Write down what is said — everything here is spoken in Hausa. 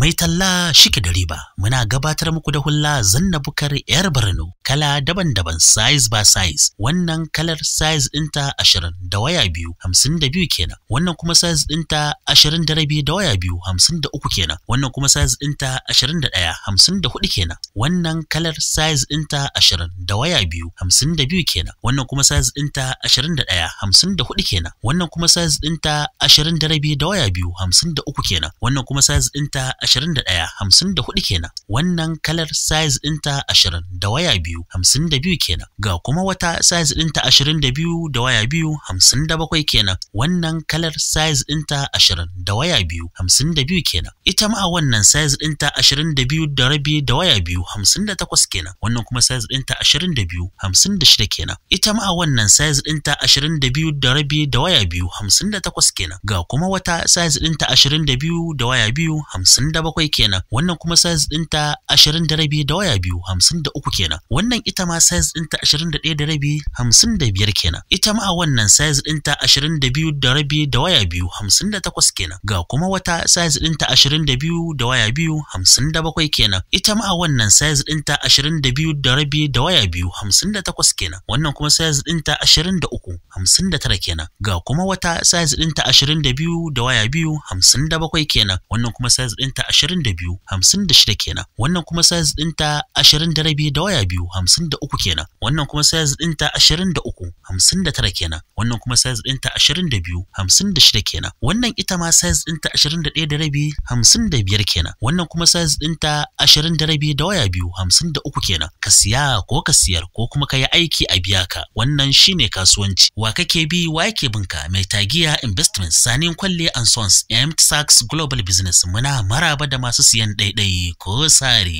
mai talla shike da riba muna gabatar muku da hulla zanna bukar yar barno kala daban-daban size ba size wannan kalar size ɗinta ashirin da waya biyu hamsin da biyu kenan wannan kuma size ɗinta ashirin da rabi da waya biyu hamsin da uku kenan wannan kuma size ɗinta ashirin da ɗaya hamsin da hudu kenan wannan kalar size ɗinta ashirin da waya biyu hamsin da biyu kenan wannan kuma size ɗinta ashirin da ɗaya hamsin da hudu kenan wannan kuma size ɗinta ashirin da rabi da waya biyu hamsin da uku kenan wannan kuma size ɗinta ashirin da ɗaya hamsin da hudu kenan wannan kalar size dinta ashirin da waya biyu hamsin da biyu kenan ga kuma wata size dinta ashirin da biyu da waya biyu hamsin da bakwai kenan wannan kalar size dinta ashirin da waya biyu hamsin da biyu kenan ita ma wannan size dinta ashirin da biyu da rabi da waya biyu hamsin da takwas kenan wannan kuma size dinta ashirin da biyu hamsin da shida kenan ita ma wannan size dinta ashirin da biyu da rabi da waya biyu hamsin da takwas kenan ga kuma wata size dinta ashirin da biyu da waya biyu hamsin ashirin da bakwai kenan wannan kuma size ɗinta ashirin da rabi da waya biyu hamsin da uku kenan wannan ita ma size ɗinta ashirin da ɗaya da rabi hamsin da biyar kenan ita ma wannan size ɗinta ashirin da biyu da rabi da waya biyu hamsin da takwas kenan ga kuma wata size ɗinta ashirin da biyu da waya biyu hamsin da bakwai kenan ita ma wannan size ɗinta ashirin da biyu da rabi da waya biyu hamsin da takwas kenan wannan kuma size ɗinta ashirin da uku hamsin da tara kenan ga kuma wata size ɗinta ashirin da biyu da waya biyu hamsin da bakwai kenan wannan kuma size din ta 22.56 56 kenan wannan kuma size din ta da rabi da waya biyu 53 kenan wannan kuma size ɗinta 23 59 kenan wannan kuma size ɗinta 22 56 kenan wannan ita ma size ɗinta 21 da rabi 55 kenan wannan kuma size din ta da rabi da waya biyu 53 kenan ka siya ko ka siyar ko kuma ka yi aiki a biya ka wannan shine kasuwanci wa kake bi wa yake binka mai tagiya investment sanin kwalle and sons mt sachs global business muna mara maraba da masu siyan ɗaiɗai ko sari.